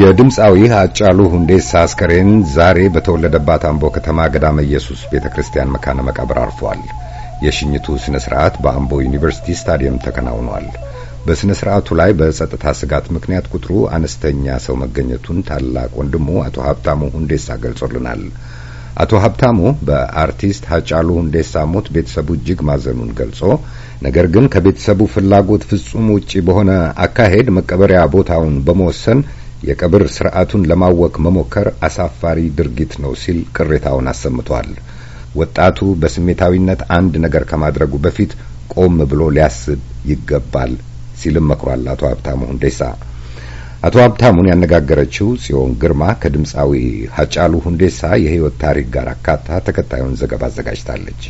የድምፃዊ አጫሉ ሁንዴሳ አስከሬን ዛሬ በተወለደባት አምቦ ከተማ ገዳመ ኢየሱስ ቤተ ክርስቲያን መካነ መቃብር አርፏል። የሽኝቱ ስነ ስርዓት በአምቦ ዩኒቨርሲቲ ስታዲየም ተከናውኗል። በስነ ስርዓቱ ላይ በጸጥታ ስጋት ምክንያት ቁጥሩ አነስተኛ ሰው መገኘቱን ታላቅ ወንድሙ አቶ ሀብታሙ ሁንዴሳ ገልጾልናል። አቶ ሀብታሙ በአርቲስት ሀጫሉ ሁንዴሳ ሞት ቤተሰቡ እጅግ ማዘኑን ገልጾ ነገር ግን ከቤተሰቡ ፍላጎት ፍጹም ውጪ በሆነ አካሄድ መቀበሪያ ቦታውን በመወሰን የቀብር ስርዓቱን ለማወክ መሞከር አሳፋሪ ድርጊት ነው ሲል ቅሬታውን አሰምቷል። ወጣቱ በስሜታዊነት አንድ ነገር ከማድረጉ በፊት ቆም ብሎ ሊያስብ ይገባል ሲልም መክሯል። አቶ ሀብታሙ ሁንዴሳ አቶ ሀብታሙን ያነጋገረችው ጽዮን ግርማ ከድምፃዊ ሀጫሉ ሁንዴሳ የህይወት ታሪክ ጋር አካታ ተከታዩን ዘገባ አዘጋጅታለች።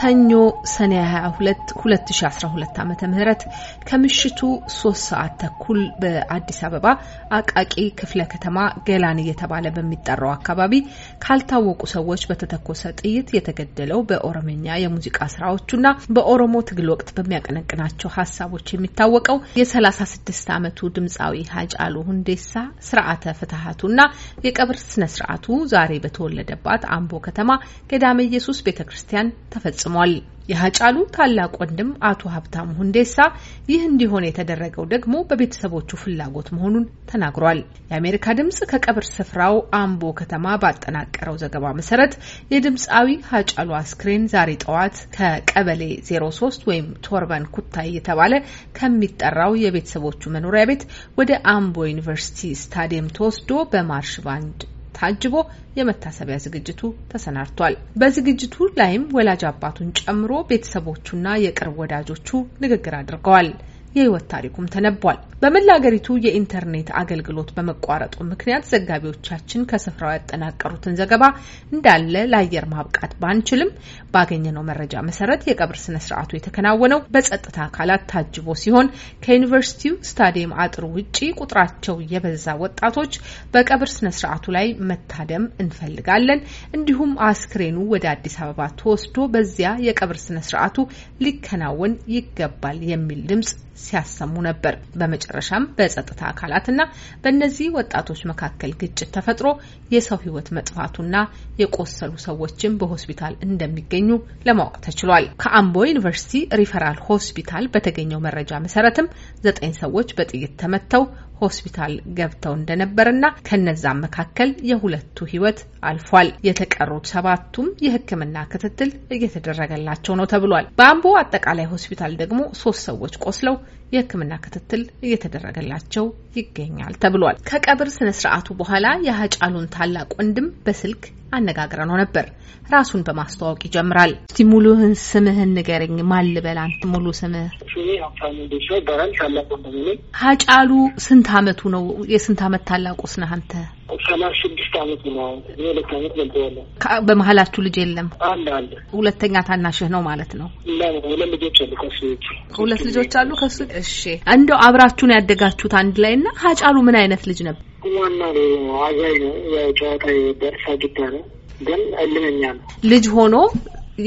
ሰኞ ሰኔ 22 2012 ዓመተ ምህረት ከምሽቱ 3 ሰዓት ተኩል በአዲስ አበባ አቃቂ ክፍለ ከተማ ገላን እየተባለ በሚጠራው አካባቢ ካልታወቁ ሰዎች በተተኮሰ ጥይት የተገደለው በኦሮምኛ የሙዚቃ ስራዎቹና በኦሮሞ ትግል ወቅት በሚያቀነቅናቸው ሀሳቦች የሚታወቀው የ36 ዓመቱ ድምፃዊ ሀጫሉ ሁንዴሳ ስርዓተ ፍትሀቱና የቀብር ስነ ስርዓቱ ዛሬ በተወለደባት አምቦ ከተማ ገዳመ ኢየሱስ ቤተ ክርስቲያን ተፈጽሟል። ፈጽሟል። የሀጫሉ ታላቅ ወንድም አቶ ሀብታሙ ሁንዴሳ ይህ እንዲሆን የተደረገው ደግሞ በቤተሰቦቹ ፍላጎት መሆኑን ተናግሯል። የአሜሪካ ድምጽ ከቀብር ስፍራው አምቦ ከተማ ባጠናቀረው ዘገባ መሰረት የድምፃዊ ሀጫሉ አስክሬን ዛሬ ጠዋት ከቀበሌ 03 ወይም ቶርበን ኩታይ እየተባለ ከሚጠራው የቤተሰቦቹ መኖሪያ ቤት ወደ አምቦ ዩኒቨርሲቲ ስታዲየም ተወስዶ በማርሽ ባንድ ታጅቦ የመታሰቢያ ዝግጅቱ ተሰናድቷል። በዝግጅቱ ላይም ወላጅ አባቱን ጨምሮ ቤተሰቦቹና የቅርብ ወዳጆቹ ንግግር አድርገዋል። የህይወት ታሪኩም ተነቧል። በመላ አገሪቱ የኢንተርኔት አገልግሎት በመቋረጡ ምክንያት ዘጋቢዎቻችን ከስፍራው ያጠናቀሩትን ዘገባ እንዳለ ለአየር ማብቃት ባንችልም ባገኘነው መረጃ መሰረት የቀብር ስነ ስርዓቱ የተከናወነው በጸጥታ አካላት ታጅቦ ሲሆን ከዩኒቨርሲቲው ስታዲየም አጥር ውጪ ቁጥራቸው የበዛ ወጣቶች በቀብር ስነ ስርዓቱ ላይ መታደም እንፈልጋለን፣ እንዲሁም አስክሬኑ ወደ አዲስ አበባ ተወስዶ በዚያ የቀብር ስነ ስርዓቱ ሊከናወን ይገባል የሚል ድምጽ ሲያሰሙ ነበር። በመጨረሻም በጸጥታ አካላትና በእነዚህ ወጣቶች መካከል ግጭት ተፈጥሮ የሰው መጥፋቱ መጥፋቱና የቆሰሉ ሰዎችም በሆስፒታል እንደሚገኙ ለማወቅ ተችሏል። ከአምቦ ዩኒቨርሲቲ ሪፈራል ሆስፒታል በተገኘው መረጃ መሰረትም ዘጠኝ ሰዎች በጥይት ተመተው ሆስፒታል ገብተው እንደነበርና ከነዛም መካከል የሁለቱ ሕይወት አልፏል። የተቀሩት ሰባቱም የህክምና ክትትል እየተደረገላቸው ነው ተብሏል። በአምቦ አጠቃላይ ሆስፒታል ደግሞ ሶስት ሰዎች ቆስለው የሕክምና ክትትል እየተደረገላቸው ይገኛል ተብሏል። ከቀብር ስነ ስርዓቱ በኋላ የሀጫሉን ታላቅ ወንድም በስልክ አነጋግረ ነው ነበር። ራሱን በማስተዋወቅ ይጀምራል። እስቲ ሙሉህን ስምህን ንገረኝ። ማልበል አንተ ሙሉ ስምህ? ሀጫሉ ስንት አመቱ ነው? የስንት አመት ታላቁ ነህ አንተ? ሰላሳ ስድስት አመት ነው። ሁለት አመት በልጠዋለ። በመሀላችሁ ልጅ የለም? አንድ አለ። ሁለተኛ ታናሽህ ነው ማለት ነው? ሁለት ልጆች አሉ ከሱ ውጭ። ሁለት ልጆች አሉ ከሱ። እሺ እንደው አብራችሁን ያደጋችሁት አንድ ላይ እና ሀጫሉ ምን አይነት ልጅ ነበር? ዋና አዛኝ ነው። ያው ጨዋታ ደርሳ ጊታ ነው ግን እልመኛ ነው። ልጅ ሆኖ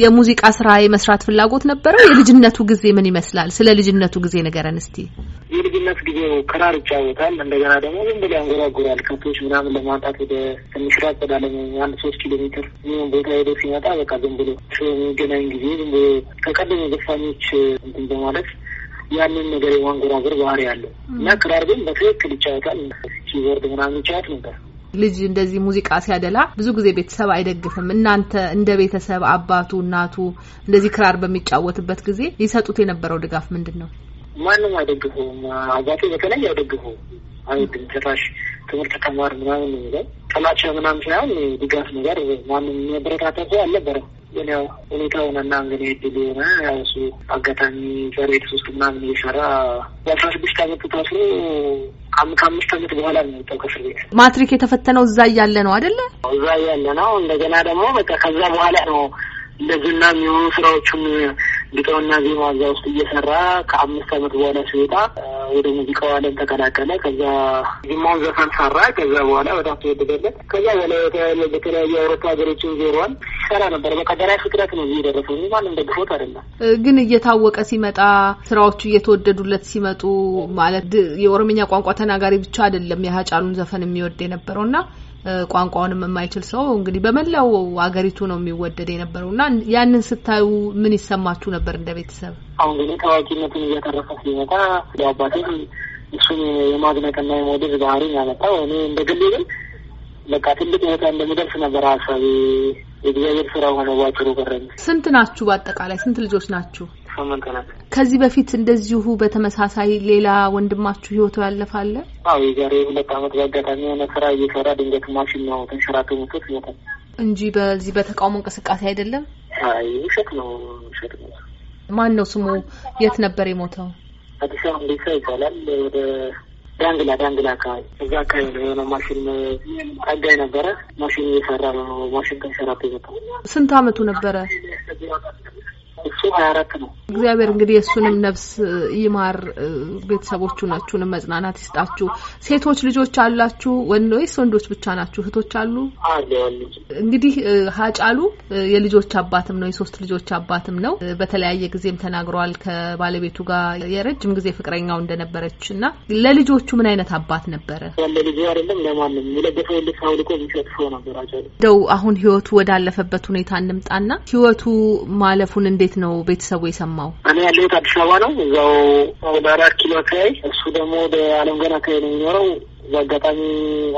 የሙዚቃ ስራ የመስራት ፍላጎት ነበረው? የልጅነቱ ጊዜ ምን ይመስላል? ስለ ልጅነቱ ጊዜ ንገረን እስቲ። የልጅነት ጊዜው ክራር ይጫወታል። እንደገና ደግሞ ዝም ብሎ ያንጎራጉራል። ከብቶች ምናምን ለማንጣት ወደ ትንሽ ራቅ ወዳለ አንድ ሶስት ኪሎ ሜትር ሚሆን ቦታ ሄዶ ሲመጣ በቃ ዝም ብሎ የሚገናኝ ጊዜ ዝም ብሎ ከቀደሙ ዘፋኞች እንትን በማለት ያንን ነገር የማንጎራጎር ባህሪ ያለው እና ክራር ግን በትክክል ይጫወታል። ኪቦርድ ምናምን ይጫወት ነበር ልጅ እንደዚህ ሙዚቃ ሲያደላ ብዙ ጊዜ ቤተሰብ አይደግፍም። እናንተ እንደ ቤተሰብ አባቱ፣ እናቱ እንደዚህ ክራር በሚጫወትበት ጊዜ ይሰጡት የነበረው ድጋፍ ምንድን ነው? ማንም አይደግፈውም። አባቴ በተለይ አይደግፈው አይወድም። ጭራሽ ትምህርት ተማር ምናምን የሚለው ጥላቻ ምናምን ሳይሆን ድጋፍ ነገር ማንም የሚያበረታታ አልነበረም። ያው እና እንግዲህ እድል የሆነ ያው እሱ አጋጣሚ ዘሬት ውስጥ ምናምን እየሰራ በአስራ ስድስት አመት ታስሮ ከአምስት አመት በኋላ ነው የወጣው ከእስር ቤት። ማትሪክ የተፈተነው እዛ እያለ ነው አይደለ? እዛ እያለ ነው። እንደገና ደግሞ በቃ ከዛ በኋላ ነው እንደዚህና የሚሆኑ ስራዎቹን ግጠውና ዜማ እዛ ውስጥ እየሰራ ከአምስት ዓመት በኋላ ሲወጣ ወደ ሙዚቃው ዓለም ተቀላቀለ። ከዛ ዜማውን ዘፈን ሰራ። ከዛ በኋላ በጣም ተወደደለት። ከዛ በኋላ በተለያዩ አውሮፓ ሀገሮችን ዞሯል። ሰራ ነበር። በቃ ፍጥረት ነው የደረሰው። ማንም ደግፎት አይደለም። ግን እየታወቀ ሲመጣ ስራዎቹ እየተወደዱለት ሲመጡ ማለት የኦሮምኛ ቋንቋ ተናጋሪ ብቻ አይደለም የሀጫሉን ዘፈን የሚወድ የነበረው እና ቋንቋውንም የማይችል ሰው እንግዲህ በመላው አገሪቱ ነው የሚወደድ የነበረው እና ያንን ስታዩ ምን ይሰማችሁ ነበር እንደ ቤተሰብ? አሁን እንግዲህ ታዋቂነትን እያተረፈ ሲመጣ አባቴም እሱን የማድነቅና የመውደድ ባህሪ ያመጣው እኔ እንደ ግሌ ግን በቃ ትልቅ ቦታ እንደምደርስ ነበር ሀሳቤ። የእግዚአብሔር ስራ ሆነ ዋጭሩ ቀረኝ። ስንት ናችሁ? በአጠቃላይ ስንት ልጆች ናችሁ? ከዚህ በፊት እንደዚሁ በተመሳሳይ ሌላ ወንድማችሁ ህይወቱ ያለፋለ? አዎ የዛሬ ሁለት አመት በአጋጣሚ የሆነ ስራ እየሰራ ድንገት ማሽን ነው ተንሸራቶ ሞቶት ይሞታል። እንጂ በዚህ በተቃውሞ እንቅስቃሴ አይደለም። ውሸት ነው ውሸት ነው። ማን ነው ስሙ? የት ነበር የሞተው? አዲስ አበባ እንዴሳ ይባላል። ወደ ዳንግላ ዳንግላ አካባቢ እዛ አካባቢ ነው የሆነ ማሽን አጋይ ነበረ። ማሽን እየሰራ ነው። ማሽን ከንሸራቶ ይመጣል። ስንት አመቱ ነበረ? እሱ ሀያ አራት ነው። እግዚአብሔር እንግዲህ የእሱንም ነፍስ ይማር፣ ቤተሰቦቹ ናችሁንም መጽናናት ይስጣችሁ። ሴቶች ልጆች አላችሁ ወይስ ወንዶች ብቻ ናችሁ? እህቶች አሉ? እንግዲህ ሀጫሉ የልጆች አባትም ነው፣ የሶስት ልጆች አባትም ነው። በተለያየ ጊዜም ተናግረዋል ከባለቤቱ ጋር የረጅም ጊዜ ፍቅረኛው እንደነበረች እና ለልጆቹ ምን አይነት አባት ነበረ? ለልጁ አይደለም ለማንም የለበሰው ወልድ አውልቆ የሚሸጥ ሰው ነበር። እንደው አሁን ህይወቱ ወዳለፈበት ሁኔታ እንምጣና ህይወቱ ማለፉን እንዴት እንዴት ነው ቤተሰቡ የሰማው? እኔ ያለሁት አዲስ አበባ ነው። እዛው ወደ አራት ኪሎ አካባቢ፣ እሱ ደግሞ ወደ አለም ገና አካባቢ ነው የሚኖረው እዛ አጋጣሚ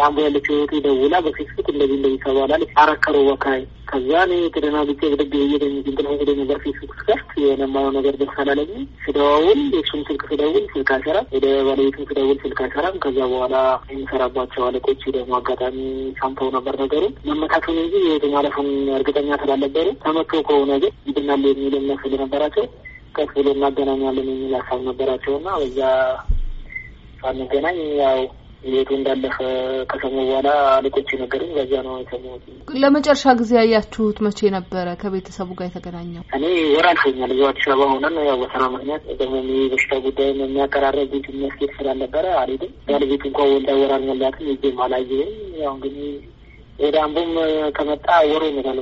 አምቦ ያለችው ወጡ ደውላ በፌስቡክ እንደዚህ እንደዚህ ተባላለች አረከሩ ወካይ ከዛ እኔ ተደናግጬ ብድግ እየደኝ እንትን ሆ ነበር ፌስቡክ ስከፍት የለማየው ነገር ደርሳላለኝ ስደዋውል የሱም ስልክ ስደውል ስልክ አይሰራም ወደ ባለቤቱም ስደውል ስልክ አይሰራም ከዛ በኋላ የሚሰራባቸው አለቆች ደግሞ አጋጣሚ ሰምተው ነበር ነገሩ መመታቱን እንጂ የህይወቱ ማለፉን እርግጠኛ ስላልነበሩ ተመቶ ከሆነ ግን ይድናሉ የሚል መስል ነበራቸው። ቀስ ብሎ እናገናኛለን የሚል ሀሳብ ነበራቸውና በዛ ሳንገናኝ ያው ቤቴ እንዳለፈ ከሰሙ በኋላ አለቆች ነገሩ በዚያ ነው የሰሙት። ለመጨረሻ ጊዜ ያያችሁት መቼ ነበረ? ከቤተሰቡ ጋር የተገናኘው? እኔ ወር አልፎኛል። እዚያው አዲስ አበባ ሆነን ያው በስራ ምክንያት ደግሞ በሽታ ጉዳይ የሚያቀራረብ ቤት የሚያስኬድ ስላልነበረ አልሄድም። ባለቤቱ እንኳ ወልዳ ወር አልሞላትም። ይዤም አላየሁም። ያው እንግዲህ የዳንቡም ከመጣ ወሮ ነው።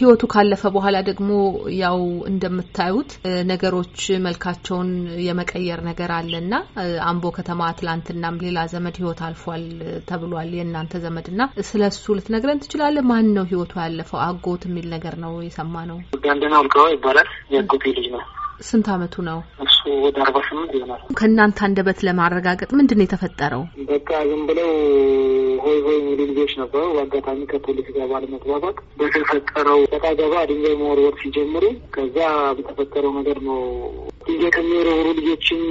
ህይወቱ ካለፈ በኋላ ደግሞ ያው እንደምታዩት ነገሮች መልካቸውን የመቀየር ነገር አለና አምቦ ከተማ ትላንትናም ሌላ ዘመድ ህይወት አልፏል ተብሏል። የእናንተ ዘመድ ና ስለ እሱ ልትነግረን ትችላለ? ማን ነው ህይወቱ ያለፈው? አጎት የሚል ነገር ነው የሰማ ነው። ጋንደና ልቀ ይባላል። የአጎቴ ልጅ ነው። ስንት አመቱ ነው? እሱ ወደ አርባ ስምንት ይሆናል። ከእናንተ አንደበት ለማረጋገጥ ምንድን ነው የተፈጠረው? በቃ ዝም ብለው ሆይ ሆይ የሚሉ ልጆች ነበሩ። በአጋጣሚ ከፖሊስ ጋር ባለመግባባት በተፈጠረው ጠቃ ገባ ድንጋይ መወርወር ሲጀምሩ ከዛ በተፈጠረው ነገር ነው ድንጋይ ከሚወረውሩ ልጆችም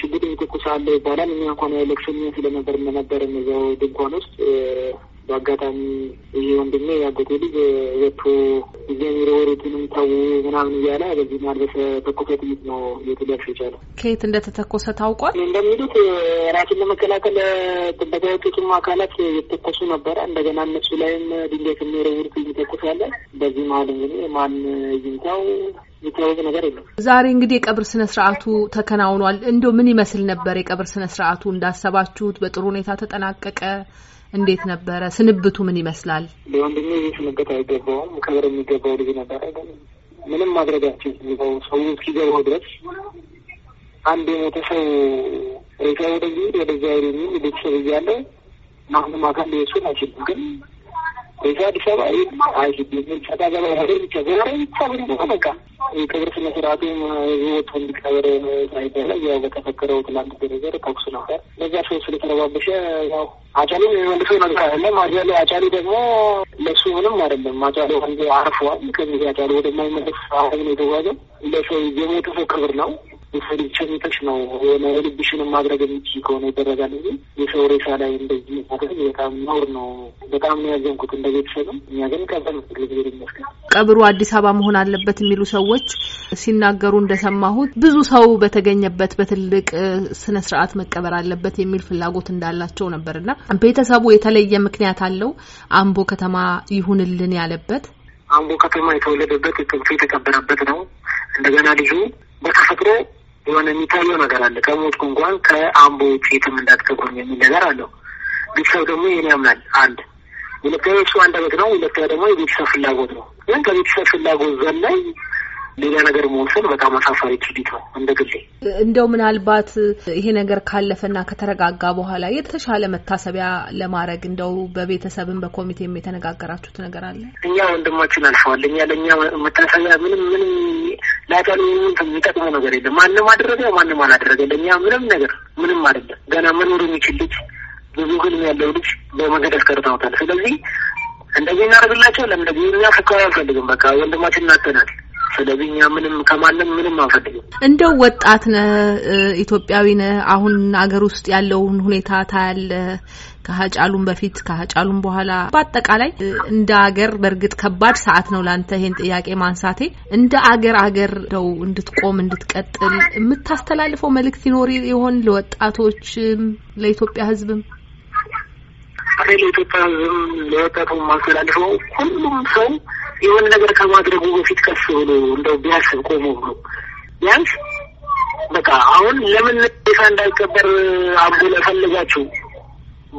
ሽጉጥ የሚተኩስ አለ ይባላል። እኛ እንኳን ያለቅሰኛ ስለነበር ነበር እዛው ድንኳን ውስጥ በአጋጣሚ ይሄ ወንድሜ ያጎቴ ልጅ ወጥቶ ጀሚሮ ወሬቱንም ተው ምናምን እያለ በዚህ ማልበሰ ተኮሰ ጥይት ነው የተደርሽ ይቻለ ከየት እንደተተኮሰ ታውቋል። እንደሚሉት ራሱን ለመከላከል ጥበቃ የወጡትም አካላት የተኮሱ ነበረ። እንደገና እነሱ ላይም ድንጋይ ከሚወረውሩት ይተኮሳለ። በዚህ መሀል እንግዲህ ማን ይምታው የሚታወቅ ነገር የለም። ዛሬ እንግዲህ የቀብር ስነ ስርዓቱ ተከናውኗል። እንዲ ምን ይመስል ነበር የቀብር ስነ ስርዓቱ? እንዳሰባችሁት በጥሩ ሁኔታ ተጠናቀቀ? እንዴት ነበረ? ስንብቱ ምን ይመስላል? ለወንድሜ ይህ ስንብት አይገባውም። ክብር የሚገባው ልጅ ነበር። ምንም ማድረጋችን ሰው እስኪገባው ድረስ አንድ የሞተ ሰው ሬሳ ወደዚህ ወደዚያ የሚል ቤተሰብ እያለ ማንም አካል ሊወስድ አይችልም ግን ከዚ አዲስ አበባ ይማ አይግቢ የሚፈታ ገባ ብቻ ዘራ ብቻ ብድሞ በቃ የክብር ስነ ስርዓቱ ህይወቱ እንዲቀበር ሳይበለ ያው በተፈከረው ትላንት ነገር ተኩስ ነበር። በዛ ሰው ስለተረባበሸ ያው አጫሌ መልሶ ነገር አይደለም። አጫሌ አጫሌ ደግሞ ለሱ ምንም አይደለም። አጫሌ አንዱ አርፏል። ከዚህ አጫሌ ወደማይመለስ አለም የተጓዘው። ለሰው የሞተ ሰው ክብር ነው ሪፍሌክሽንተሽ ነው የሆነ ልብሽንም ማድረግ የሚችል ከሆነ ይደረጋል እ የሰው ሬሳ ላይ እንደዚህ ማድረግ በጣም ኖር ነው። በጣም ነው ያዘንኩት እንደ ቤተሰብም። እኛ ግን ቀብር እግዚአብሔር ይመስገን ቀብሩ አዲስ አበባ መሆን አለበት የሚሉ ሰዎች ሲናገሩ እንደሰማሁት ብዙ ሰው በተገኘበት በትልቅ ስነ ስርዓት መቀበር አለበት የሚል ፍላጎት እንዳላቸው ነበር። ነበርና ቤተሰቡ የተለየ ምክንያት አለው አምቦ ከተማ ይሁንልን ያለበት አምቦ ከተማ የተወለደበት ጥብቶ የተቀበረበት ነው። እንደገና ልጁ በተፈጥሮ የሆነ የሚታየው ነገር አለ። ከሞትኩ እንኳን ከአምቦ ውጭ የትም እንዳትከጎኝ የሚል ነገር አለው። ቤተሰብ ደግሞ ይህን ያምናል። አንድ ሁለተኛ እሱ አንድ አመት ነው። ሁለተኛ ደግሞ የቤተሰብ ፍላጎት ነው። ግን ከቤተሰብ ፍላጎት ላይ ሌላ ነገር መወሰን በጣም አሳፋሪ ትዲት ነው እንደ ግሌ። እንደው ምናልባት ይሄ ነገር ካለፈና ከተረጋጋ በኋላ የተሻለ መታሰቢያ ለማድረግ እንደው በቤተሰብም በኮሚቴም የተነጋገራችሁት ነገር አለ? እኛ ወንድማችን አልፈዋል። እኛ ለእኛ መታሰቢያ ምንም ምንም ለአጫሉ የሚጠቅመው ነገር የለም። ማንም አደረገ ማንም አላደረገ ለእኛ ምንም ነገር ምንም አይደለም። ገና መኖር የሚችል ልጅ ብዙ ህልም ያለው ልጅ በመንገድ አስቀርተውታል። ስለዚህ እንደዚህ እናደርግላቸው ለምንደ እንደዚህ አልፈልግም። በቃ ወንድማችን እናተናል ስለዚህ እኛ ምንም ከማንም ምንም አንፈልግም። እንደው ወጣት ነህ፣ ኢትዮጵያዊ ነህ። አሁን አገር ውስጥ ያለውን ሁኔታ ታያለህ። ከሀጫሉም በፊት ከሀጫሉም በኋላ በአጠቃላይ እንደ አገር በእርግጥ ከባድ ሰዓት ነው ላንተ ይሄን ጥያቄ ማንሳቴ። እንደ አገር አገር ደው እንድትቆም እንድትቀጥል የምታስተላልፈው መልእክት ይኖር ይሆን ለወጣቶች፣ ለኢትዮጵያ ህዝብም? ለኢትዮጵያ ህዝብም ለወጣቱ ማስተላልፈው ሁሉም ሰው የሆነ ነገር ከማድረጉ በፊት ቀስ ብሎ እንደው ቢያስብ ቆሞ ብሎ ቢያንስ በቃ አሁን ለምን ይፋ እንዳይቀበር አብዶ ለፈለጋችሁ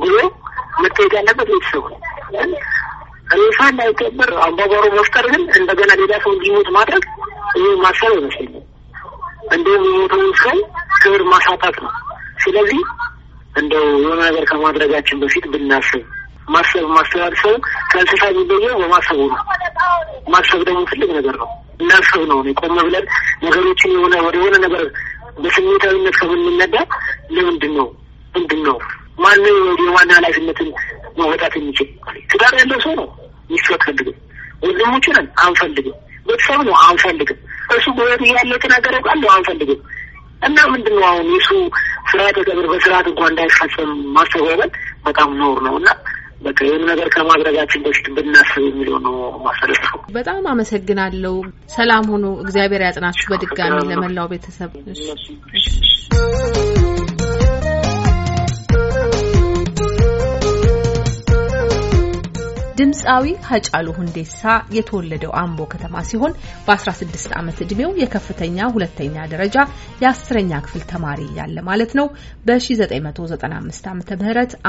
ብሎ መታየት ያለበት ቤተሰቡ ሬሳ እንዳይቀበር አባባሮ መፍጠር ግን እንደገና ሌላ ሰው እንዲሞት ማድረግ ይህ ማሰብ አይመስለኝም። እንደውም የሞተውን ሰው ክብር ማሳጣት ነው። ስለዚህ እንደው የሆነ ነገር ከማድረጋችን በፊት ብናስብ ማሰብ ማስተዋል ሰው ከእንስሳ የሚለየው በማሰቡ ነው። ማሰብ ደግሞ ትልቅ ነገር ነው። እናስብ ነው ቆም ብለን ነገሮችን የሆነ ወደ የሆነ ነገር በስሜታዊነት ከምንነዳ ለምንድን ነው ምንድን ነው ማን የዋና ኃላፊነትን መወጣት የሚችል ትዳር ያለው ሰው ነው ሚስቱ አትፈልግም። ወንድሞች ነን አንፈልግም። ቤተሰብ ነው አንፈልግም። እሱ በወት እያለ ተናገረ ቃል ነው አንፈልግም። እና ምንድን ነው አሁን የሱ ስርዓተ ቀብር በስርዓት እንኳ እንዳይፈጸም ማስተጓጎል በጣም ኖር ነው እና በቃ ይህን ነገር ከማድረጋችን በፊት ብናስብ ሆኖ ማስተላለፉ። በጣም አመሰግናለሁ። ሰላም ሆኖ እግዚአብሔር ያጽናችሁ። በድጋሚ ለመላው ቤተሰብ ድምፃዊ ሀጫሉ ሁንዴሳ የተወለደው አምቦ ከተማ ሲሆን በ16 ዓመት ዕድሜው የከፍተኛ ሁለተኛ ደረጃ የአስረኛ ክፍል ተማሪ ያለ ማለት ነው በ1995 ዓ ም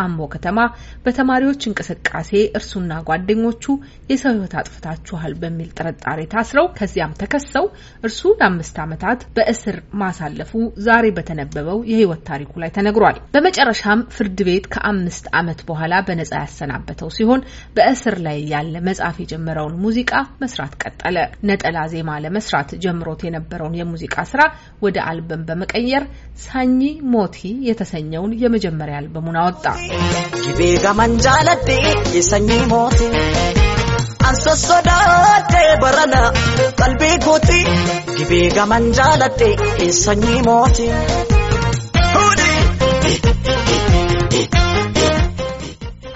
አምቦ ከተማ በተማሪዎች እንቅስቃሴ እርሱና ጓደኞቹ የሰው ህይወት አጥፍታችኋል በሚል ጥርጣሬ ታስረው ከዚያም ተከሰው እርሱ ለአምስት ዓመታት በእስር ማሳለፉ ዛሬ በተነበበው የህይወት ታሪኩ ላይ ተነግሯል። በመጨረሻም ፍርድ ቤት ከአምስት ዓመት በኋላ በነጻ ያሰናበተው ሲሆን በ በእስር ላይ ያለ መጽሐፍ የጀመረውን ሙዚቃ መስራት ቀጠለ። ነጠላ ዜማ ለመስራት ጀምሮት የነበረውን የሙዚቃ ስራ ወደ አልበም በመቀየር ሳኚ ሞቲ የተሰኘውን የመጀመሪያ አልበሙን አወጣ። ጊቤ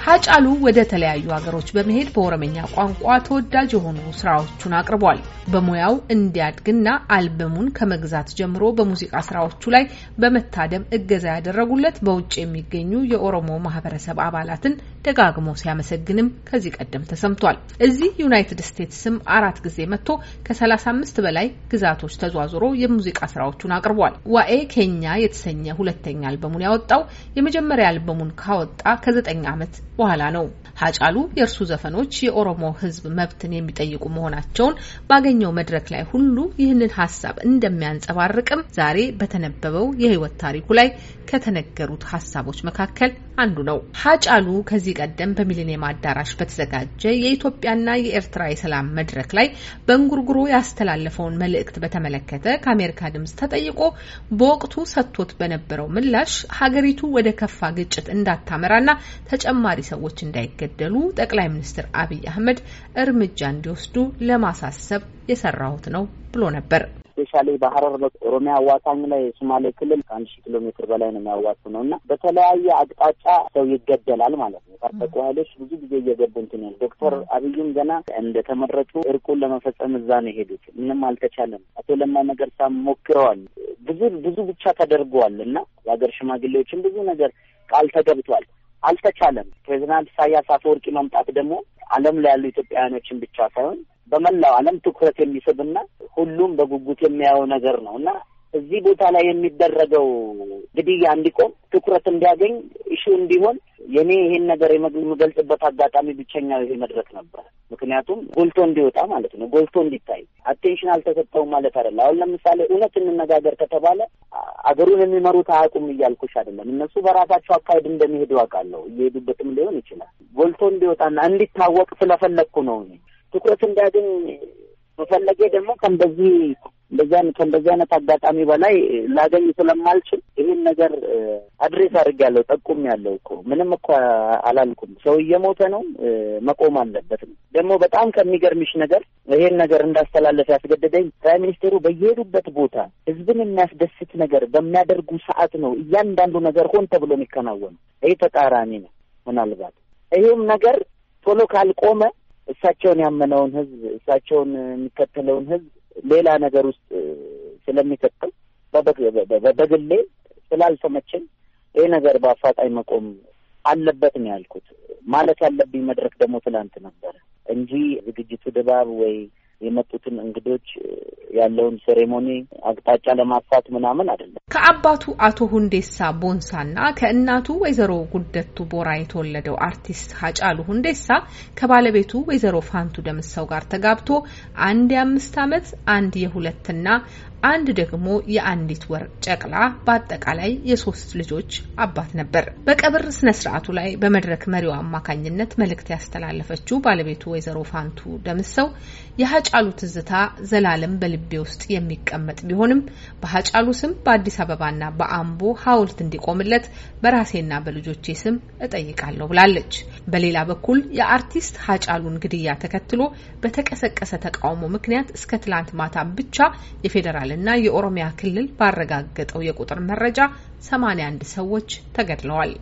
ሀጫሉ ወደ ተለያዩ ሀገሮች በመሄድ በኦሮምኛ ቋንቋ ተወዳጅ የሆኑ ስራዎቹን አቅርቧል። በሙያው እንዲያድግና አልበሙን ከመግዛት ጀምሮ በሙዚቃ ስራዎቹ ላይ በመታደም እገዛ ያደረጉለት በውጭ የሚገኙ የኦሮሞ ማህበረሰብ አባላትን ደጋግሞ ሲያመሰግንም ከዚህ ቀደም ተሰምቷል። እዚህ ዩናይትድ ስቴትስም አራት ጊዜ መጥቶ ከ35 በላይ ግዛቶች ተዟዙሮ የሙዚቃ ስራዎቹን አቅርቧል። ዋኤ ኬኛ የተሰኘ ሁለተኛ አልበሙን ያወጣው የመጀመሪያ አልበሙን ካወጣ ከዘጠኝ ዓመት በኋላ ነው። ሀጫሉ የእርሱ ዘፈኖች የኦሮሞ ሕዝብ መብትን የሚጠይቁ መሆናቸውን ባገኘው መድረክ ላይ ሁሉ ይህንን ሀሳብ እንደሚያንጸባርቅም ዛሬ በተነበበው የህይወት ታሪኩ ላይ ከተነገሩት ሀሳቦች መካከል አንዱ ነው። ሀጫሉ ከዚህ ቀደም በሚሊኒየም አዳራሽ በተዘጋጀ የኢትዮጵያና የኤርትራ የሰላም መድረክ ላይ በእንጉርጉሮ ያስተላለፈውን መልእክት በተመለከተ ከአሜሪካ ድምጽ ተጠይቆ በወቅቱ ሰጥቶት በነበረው ምላሽ ሀገሪቱ ወደ ከፋ ግጭት እንዳታመራና ተጨማሪ ሰዎች እንዳይገደሉ ጠቅላይ ሚኒስትር አብይ አህመድ እርምጃ እንዲወስዱ ለማሳሰብ የሰራሁት ነው ብሎ ነበር። ስፔሻሊ በሀረር ኦሮሚያ አዋሳኝ ላይ የሶማሌ ክልል ከአንድ ሺህ ኪሎ ሜትር በላይ ነው የሚያዋሱ ነው እና በተለያየ አቅጣጫ ሰው ይገደላል ማለት ነው። የታጠቁ ኃይሎች ብዙ ጊዜ እየገቡ እንትን ያሉ ዶክተር አብይም ገና እንደተመረጡ እርቁን ለመፈጸም እዛ ነው የሄዱት። ምንም አልተቻለም። አቶ ለማ መገርሳ ሞክረዋል። ብዙ ብዙ ብቻ ተደርገዋል እና የሀገር ሽማግሌዎችን ብዙ ነገር ቃል ተገብቷል። አልተቻለም። ፕሬዚዳንት ኢሳያስ አፈወርቂ መምጣት ደግሞ ዓለም ላይ ያሉ ኢትዮጵያውያኖችን ብቻ ሳይሆን በመላው ዓለም ትኩረት የሚስብና ሁሉም በጉጉት የሚያየው ነገር ነው እና እዚህ ቦታ ላይ የሚደረገው ግድያ እንዲቆም ትኩረት እንዲያገኝ እሹ እንዲሆን የኔ ይሄን ነገር የምገልጽበት አጋጣሚ ብቸኛው ይሄ መድረክ ነበር። ምክንያቱም ጎልቶ እንዲወጣ ማለት ነው፣ ጎልቶ እንዲታይ አቴንሽን አልተሰጠውም ማለት አይደለ። አሁን ለምሳሌ እውነት እንነጋገር ከተባለ አገሩን የሚመሩት አያውቁም እያልኩሽ አይደለም። እነሱ በራሳቸው አካሄድ እንደሚሄዱ አውቃለሁ፣ እየሄዱበትም ሊሆን ይችላል። ጎልቶ እንዲወጣና እንዲታወቅ ስለፈለግኩ ነው። ትኩረት እንዲያገኝ መፈለጌ ደግሞ ከእንደዚህ እንደዚያ ከእንደዚህ አይነት አጋጣሚ በላይ ላገኝ ስለማልችል ይህን ነገር አድሬስ አድርጌያለሁ። ጠቁም ያለው እኮ ምንም እኮ አላልኩም። ሰው እየሞተ ነው፣ መቆም አለበት ነው። ደግሞ በጣም ከሚገርምሽ ነገር ይሄን ነገር እንዳስተላለፍ ያስገደደኝ ጠቅላይ ሚኒስቴሩ በየሄዱበት ቦታ ህዝብን የሚያስደስት ነገር በሚያደርጉ ሰዓት ነው እያንዳንዱ ነገር ሆን ተብሎ የሚከናወኑ። ይህ ተቃራኒ ነው። ምናልባት ይህም ነገር ቶሎ ካልቆመ እሳቸውን ያመነውን ህዝብ እሳቸውን የሚከተለውን ህዝብ ሌላ ነገር ውስጥ ስለሚከተው በግሌ ስላልተመቸኝ ይህ ነገር በአፋጣኝ መቆም አለበት ነው ያልኩት። ማለት ያለብኝ መድረክ ደግሞ ትናንት ነበረ እንጂ ዝግጅቱ ድባብ ወይ የመጡትን እንግዶች ያለውን ሴሬሞኒ አቅጣጫ ለማስፋት ምናምን አይደለም። ከአባቱ አቶ ሁንዴሳ ቦንሳና ከእናቱ ወይዘሮ ጉደቱ ቦራ የተወለደው አርቲስት ሀጫሉ ሁንዴሳ ከባለቤቱ ወይዘሮ ፋንቱ ደምሰው ጋር ተጋብቶ አንድ የአምስት ዓመት አንድ የሁለትና አንድ ደግሞ የአንዲት ወር ጨቅላ በአጠቃላይ የሶስት ልጆች አባት ነበር። በቀብር ስነ ስርዓቱ ላይ በመድረክ መሪው አማካኝነት መልእክት ያስተላለፈችው ባለቤቱ ወይዘሮ ፋንቱ ደምሰው የሀጫሉ ትዝታ ዘላለም በልቤ ውስጥ የሚቀመጥ ቢሆንም በሀጫሉ ስም በአዲስ አበባና በአምቦ ሐውልት እንዲቆምለት በራሴና በልጆቼ ስም እጠይቃለሁ ብላለች። በሌላ በኩል የአርቲስት ሀጫሉን ግድያ ተከትሎ በተቀሰቀሰ ተቃውሞ ምክንያት እስከ ትላንት ማታ ብቻ የፌዴራል ፌዴራልና የኦሮሚያ ክልል ባረጋገጠው የቁጥር መረጃ 81 ሰዎች ተገድለዋል፣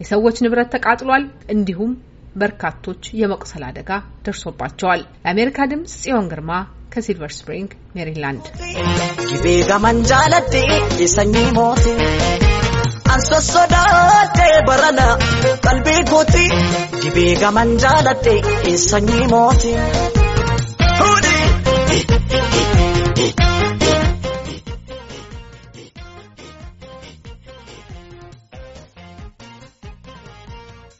የሰዎች ንብረት ተቃጥሏል፣ እንዲሁም በርካቶች የመቁሰል አደጋ ደርሶባቸዋል። ለአሜሪካ ድምጽ ጽዮን ግርማ ከሲልቨር ስፕሪንግ ሜሪላንድ።